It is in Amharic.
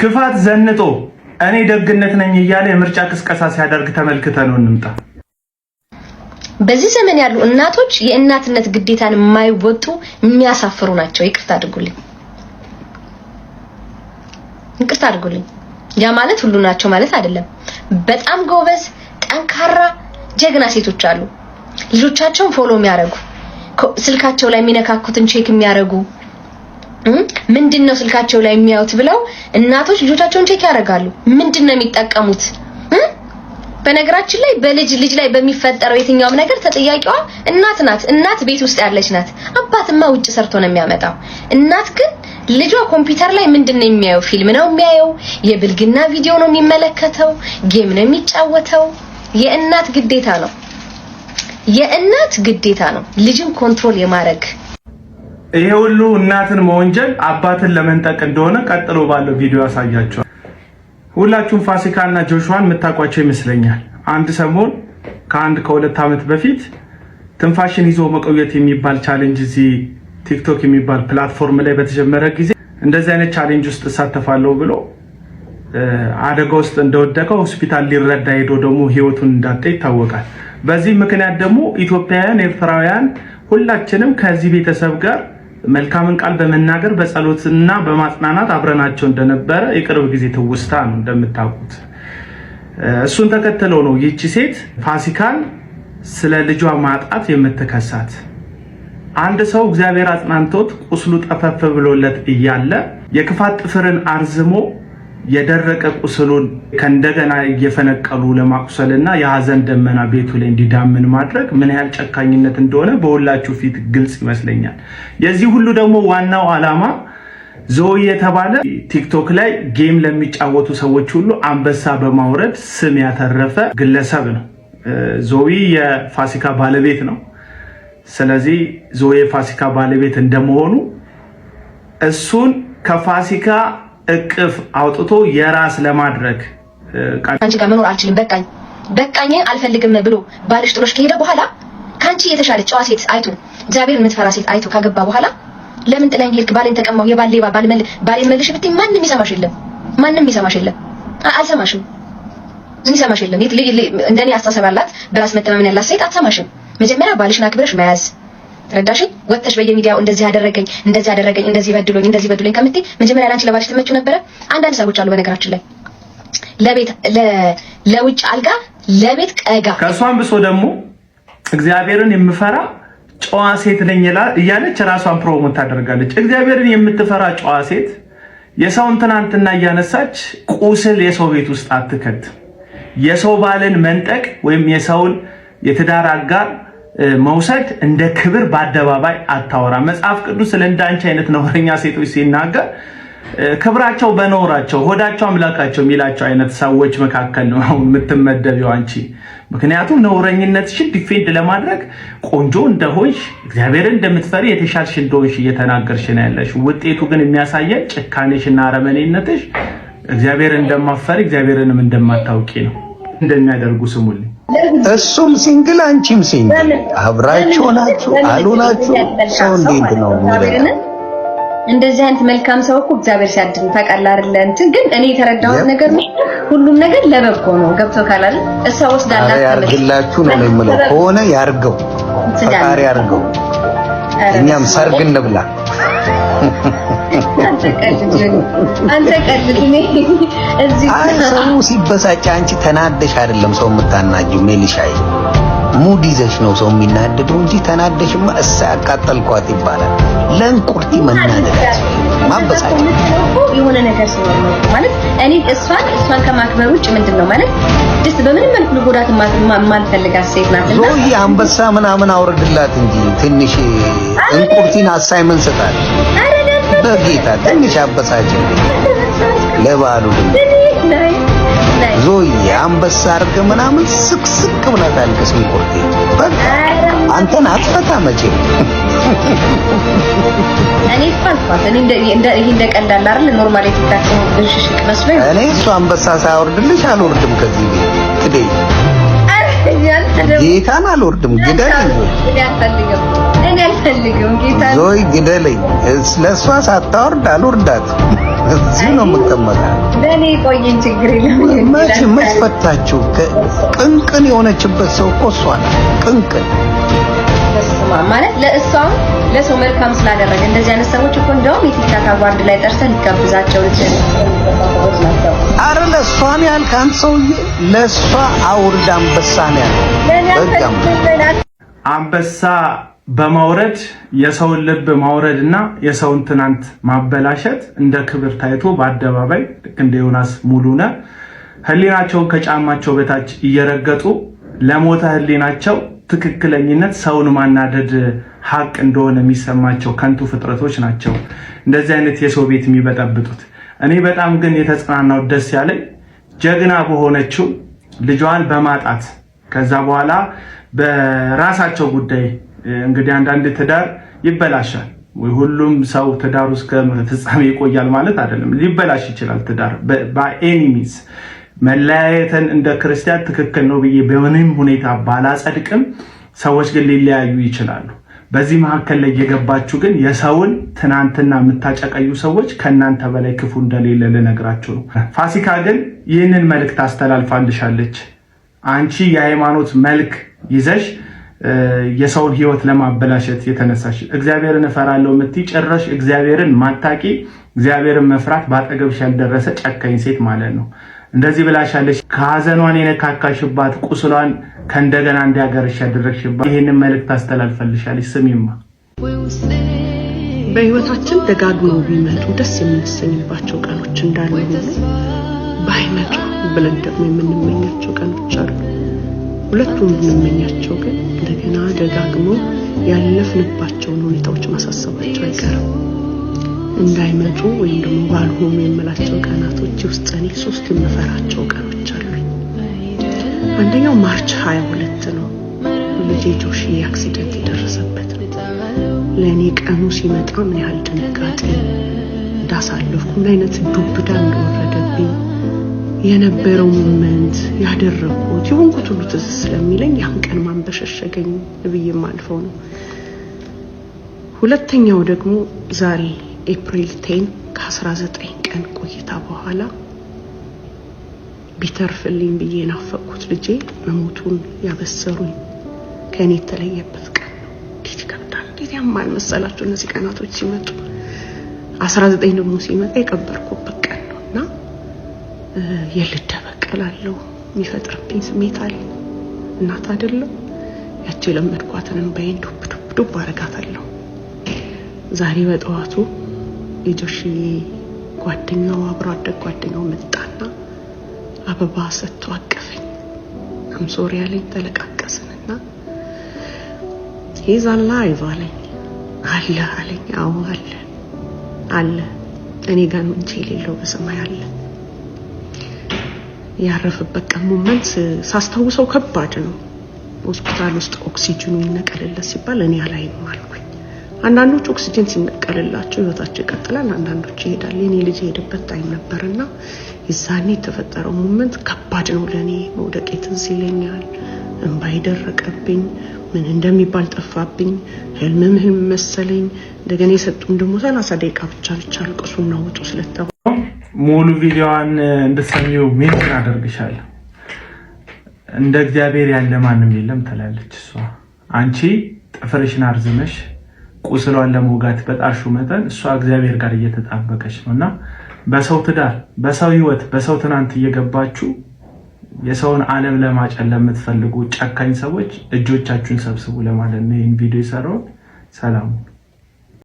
ክፋት ዘንጦ እኔ ደግነት ነኝ እያለ የምርጫ ቅስቀሳ ሲያደርግ ተመልክተ ነው እንምጣ። በዚህ ዘመን ያሉ እናቶች የእናትነት ግዴታን የማይወጡ የሚያሳፍሩ ናቸው። ይቅርታ አድርጉልኝ፣ ይቅርታ አድርጉልኝ። ያ ማለት ሁሉ ናቸው ማለት አይደለም። በጣም ጎበዝ፣ ጠንካራ፣ ጀግና ሴቶች አሉ ልጆቻቸውን ፎሎ የሚያደርጉ ስልካቸው ላይ የሚነካኩትን ቼክ የሚያደርጉ ምንድን ነው ስልካቸው ላይ የሚያዩት ብለው እናቶች ልጆቻቸውን ቼክ ያደርጋሉ። ምንድን ነው የሚጠቀሙት? በነገራችን ላይ በልጅ ልጅ ላይ በሚፈጠረው የትኛውም ነገር ተጠያቂዋ እናት ናት። እናት ቤት ውስጥ ያለች ናት። አባትማ ውጭ ሰርቶ ነው የሚያመጣው። እናት ግን ልጇ ኮምፒውተር ላይ ምንድን ነው የሚያየው? ፊልም ነው የሚያየው? የብልግና ቪዲዮ ነው የሚመለከተው? ጌም ነው የሚጫወተው? የእናት ግዴታ ነው። የእናት ግዴታ ነው ልጅን ኮንትሮል የማድረግ ይሄ ሁሉ እናትን መወንጀል አባትን ለመንጠቅ እንደሆነ ቀጥሎ ባለው ቪዲዮ ያሳያቸዋል። ሁላችሁም እና ጆሹዋን የምታውቋቸው ይመስለኛል። አንድ ሰሞን ከአንድ ከሁለት ዓመት በፊት ትንፋሽን ይዞ መቆየት የሚባል ቻሌንጅ እዚህ ቲክቶክ የሚባል ፕላትፎርም ላይ በተጀመረ ጊዜ እንደዚህ አይነት ቻሌንጅ ውስጥ እሳተፋለሁ ብሎ አደጋ ውስጥ እንደወደቀ ሆስፒታል ሊረዳ ሄዶ ደግሞ ህይወቱን እንዳጣ ይታወቃል። በዚህ ምክንያት ደግሞ ኢትዮጵያውያን፣ ኤርትራውያን ሁላችንም ከዚህ ቤተሰብ ጋር መልካምን ቃል በመናገር በጸሎትና በማጽናናት አብረናቸው እንደነበረ የቅርብ ጊዜ ትውስታ ነው እንደምታውቁት። እሱን ተከትለው ነው ይቺ ሴት ፋሲካን ስለ ልጇ ማጣት የምትከሳት። አንድ ሰው እግዚአብሔር አጽናንቶት ቁስሉ ጠፈፍ ብሎለት እያለ የክፋት ጥፍርን አርዝሞ የደረቀ ቁስሉን ከእንደገና እየፈነቀሉ ለማቁሰል እና የሀዘን ደመና ቤቱ ላይ እንዲዳምን ማድረግ ምን ያህል ጨካኝነት እንደሆነ በሁላችሁ ፊት ግልጽ ይመስለኛል። የዚህ ሁሉ ደግሞ ዋናው ዓላማ ዞይ የተባለ ቲክቶክ ላይ ጌም ለሚጫወቱ ሰዎች ሁሉ አንበሳ በማውረድ ስም ያተረፈ ግለሰብ ነው። ዞይ የፋሲካ ባለቤት ነው። ስለዚህ ዞይ የፋሲካ ባለቤት እንደመሆኑ እሱን ከፋሲካ እቅፍ አውጥቶ የራስ ለማድረግ ከአንቺ ጋር መኖር አልችልም፣ በቃኝ በቃኝ አልፈልግም ብሎ ባልሽ ጥሎሽ ከሄደ በኋላ ከአንቺ የተሻለ ጨዋ ሴት አይቶ እግዚአብሔር የምትፈራ ሴት አይቶ ካገባ በኋላ ለምን ጥለኝ ሄድክ? ባሌን ባል መል ባሌን መልሽ ብትይ ማንም ይሰማሽ የለም፣ ማንም ይሰማሽ የለም፣ አልሰማሽም፣ ምን ይሰማሽ የለም። እንደኔ አስተሳሰብ ያላት በራስ መተማመን ያላት ሴት አትሰማሽም። መጀመሪያ ባልሽን አክብረሽ መያዝ ረዳሽኝ ወጥተሽ በየሚዲያው እንደዚህ ያደረገኝ እንደዚህ ያደረገኝ እንደዚህ በድሎኝ እንደዚህ በድሎኝ ከምትይ መጀመሪያ ላንቺ ለባልሽ ትመጪው ነበረ። አንዳንድ ሰዎች አሉ በነገራችን ላይ ለቤት ለውጭ አልጋ ለቤት ቀጋ ከሷን ብሶ ደግሞ እግዚአብሔርን የምፈራ ጨዋ ሴት ነኝ እያለች ራሷን ፕሮሞት ታደርጋለች። እግዚአብሔርን የምትፈራ ጨዋ ሴት የሰውን ትናንትና እያነሳች ቁስል የሰው ቤት ውስጥ አትከት። የሰው ባልን መንጠቅ ወይም የሰውን የትዳር አጋር መውሰድ እንደ ክብር በአደባባይ አታወራ። መጽሐፍ ቅዱስ ስለ እንዳንቺ አይነት ነውረኛ ሴቶች ሲናገር ክብራቸው በኖራቸው ሆዳቸው አምላካቸው የሚላቸው አይነት ሰዎች መካከል ነው አሁን የምትመደቢው አንቺ። ምክንያቱም ነውረኝነትሽን ዲፌንድ ለማድረግ ቆንጆ እንደሆንሽ እግዚአብሔርን እንደምትፈሪ የተሻልሽ እንደሆንሽ እየተናገርሽ ነው ያለሽ። ውጤቱ ግን የሚያሳየን ጭካኔሽ እና አረመኔነትሽ እግዚአብሔር እንደማፈሪ እግዚአብሔርንም እንደማታውቂ ነው። እንደሚያደርጉ ስሙልኝ እሱም ሲንግል አንቺም ሲንግል አብራችሁ ናችሁ አሉ ናችሁ። ሰው እንዴት ነው የሚረዳ? እንደዚህ አይነት መልካም ሰው እኮ እግዚአብሔር ሲያድን ታውቃለህ አይደለ? እንትን ግን እኔ የተረዳሁት ነገር ነው፣ ሁሉም ነገር ለበጎ ነው። ገብቶ ካላል እሷ ወስዳላ ያርግላችሁ ነው የምለው። ከሆነ ያርገው ፈጣሪ ያርገው። እኛም ሰርግ እንብላ። ሰው ሲበሳጭ አንቺ ተናደሽ አይደለም ሰው የምታናጂው ሜሊሻይ ሙድ ይዘሽ ነው ሰው የሚናደደው እንጂ ተናደሽማ እሳ ያቃጠልኳት ይባላል። ለእንቁርቲ መናደዳት ማበሳጭ የሆነ ነገር ሲሆን ማለት እኔ እሷን እሷን ከማክበር ውጭ ምንድን ነው ማለት ደስ በምንም መልኩ ልጎዳት ማልፈልጋት ሴት ናት። ዞይ አንበሳ ምናምን አውርድላት እንጂ ትንሽ እንቁርቲን አሳይመን ስጣል። በጌታ ትንሽ አበሳጭ ለባሉ ዞዬ አንበሳ አርገ ምናምን ስቅስቅ ብላ ታልቅስ። ሚቆርጤ በቃ አንተን አትፈታ መቼ እኔ እንደ እንደ አይደል እሱ አንበሳ ሳያወርድልሽ አልወርድም ከዚህ ቤት ጌታን አልወርድም ግደል ዞይ ግደለኝ። ለእሷ ሳታወርድ አልወርዳት። እዚህ ነው የምቀመጠው። መቼ መች ፈታችሁ? ቅንቅን የሆነችበት ሰው እኮ እሷ ናት። ቅንቅን ማለት ለእሷም ለሰው መልካም ስላደረገ እንደዚህ አይነት ሰዎች እኮ እንደውም የቲክታክ አዋርድ ላይ ጠርተህ ሊጋብዛቸው ልጅ አረ ለእሷን ያል ከአንድ ሰውዬ። ለእሷ አውርድ አንበሳን ነው አንበሳ በማውረድ የሰውን ልብ ማውረድ እና የሰውን ትናንት ማበላሸት እንደ ክብር ታይቶ በአደባባይ ልክ እንደ ዮናስ ሙሉነ ህሊናቸውን ከጫማቸው በታች እየረገጡ ለሞተ ህሊናቸው ትክክለኝነት ሰውን ማናደድ ሀቅ እንደሆነ የሚሰማቸው ከንቱ ፍጥረቶች ናቸው እንደዚህ አይነት የሰው ቤት የሚበጠብጡት። እኔ በጣም ግን የተጽናናው ደስ ያለኝ ጀግና በሆነችው ልጇን በማጣት ከዛ በኋላ በራሳቸው ጉዳይ እንግዲህ አንዳንድ ትዳር ይበላሻል። ሁሉም ሰው ትዳር እስከ ፍጻሜ ይቆያል ማለት አይደለም። ሊበላሽ ይችላል ትዳር በኤኒሚስ መለያየትን እንደ ክርስቲያን ትክክል ነው ብዬ በምንም ሁኔታ ባላጸድቅም ሰዎች ግን ሊለያዩ ይችላሉ። በዚህ መካከል ላይ የገባችሁ ግን የሰውን ትናንትና የምታጨቀዩ ሰዎች ከእናንተ በላይ ክፉ እንደሌለ ልነግራችሁ ነው። ፋሲካ ግን ይህንን መልእክት አስተላልፋልሻለች። አንቺ የሃይማኖት መልክ ይዘሽ የሰውን ህይወት ለማበላሸት የተነሳሽ እግዚአብሔርን እፈራለሁ የምትይ ጭራሽ እግዚአብሔርን ማታቂ እግዚአብሔርን መፍራት በአጠገብሽ ያልደረሰ ጨካኝ ሴት ማለት ነው። እንደዚህ ብላሻለች። ከሀዘኗን የነካካሽባት ቁስሏን ከእንደገና እንዲያገርሽ ያደረግሽባት ይህንን መልእክት አስተላልፈልሻለች። ስሚማ በህይወታችን ደጋግመው ቢመጡ ደስ የምንሰኝባቸው ቀኖች እንዳሉ ባይመጡ ብለን ደግሞ የምንመኛቸው ቀኖች አሉ። ሁለቱን የምንመኛቸው ግን እንደገና ደጋግሞ ያለፍንባቸውን ሁኔታዎች ማሳሰባቸው አይቀርም። እንዳይመጡ ወይም ደግሞ ባልሆኑ የምላቸው ቀናቶች ውስጥ እኔ ሶስት የምፈራቸው ቀኖች አሉኝ። አንደኛው ማርች ሀያ ሁለት ነው፣ ልጄ ጆሺ አክሲደንት የደረሰበት ነው። ለእኔ ቀኑ ሲመጣ ምን ያህል ድንጋጤ እንዳሳለፍኩ፣ ምን አይነት ዱብዳ እንደወረደብኝ የነበረው ሞመንት ያደረኩት የሆንኩት ሁሉ ትዝ ስለሚለኝ ያን ቀን ማን በሸሸገኝ ብዬ አልፈው ነው። ሁለተኛው ደግሞ ዛሬ ኤፕሪል ቴን ከ19 ቀን ቆይታ በኋላ ቢተርፍልኝ ብዬ ናፈቅኩት ልጄ መሞቱን ያበሰሩኝ ከእኔ የተለየበት ቀን ነው። እንዴት ይከብዳል! እንዴት ያማል መሰላችሁ እነዚህ ቀናቶች ሲመጡ። 19 ደግሞ ሲመጣ የቀበርኩበት የልደ የልደበቀላለሁ የሚፈጥርብኝ ስሜት አለ። እናት አይደለም ያቺ የለመድኳትንም በይን ዱብ ዱብ ዱብ አረጋታለሁ። ዛሬ በጠዋቱ የጆሺ ጓደኛው አብሮ አደግ ጓደኛው መጣና አበባ ሰጥቶ አቀፈኝ። አምሶሪ ያለኝ ተለቃቀስንና ይዛላ አይዞ አለኝ አለ አለኝ። አዎ አለ አለ እኔ ጋር ነው እንጂ የሌለው በሰማይ አለ ያረፈበት ቀን ሞመንት ሳስታውሰው ከባድ ነው። ሆስፒታል ውስጥ ኦክሲጅኑ ይነቀልለት ሲባል እኔ አላይም አልኩኝ። አንዳንዶች ኦክሲጅን ሲነቀልላቸው ህይወታቸው ይቀጥላል፣ አንዳንዶች ይሄዳል። የኔ ልጅ የሄደበት ታይም ነበርና የዛኔ የተፈጠረው ሞመንት ከባድ ነው ለእኔ። መውደቄ ትዝ ይለኛል። እንባ ይደረቀብኝ፣ ምን እንደሚባል ጠፋብኝ። ህልምም ህልም መሰለኝ። እንደገና የሰጡም ደግሞ ሰላሳ ደቂቃ ብቻ ብቻ አልቅሱና ውጡ ስለተባለ ሙሉ ቪዲዮዋን እንድትሰሚው ሜንሽን አደርግሻለሁ። እንደ እግዚአብሔር ያለ ማንም የለም ትላለች እሷ። አንቺ ጥፍርሽን አርዝመሽ ቁስሏን ለመውጋት በጣሹ መጠን እሷ እግዚአብሔር ጋር እየተጣበቀች ነው እና በሰው ትዳር፣ በሰው ህይወት፣ በሰው ትናንት እየገባችሁ የሰውን ዓለም ለማጨን ለምትፈልጉ ጨካኝ ሰዎች እጆቻችሁን ሰብስቡ ለማለት ነው ይህን ቪዲዮ የሰራውን። ሰላም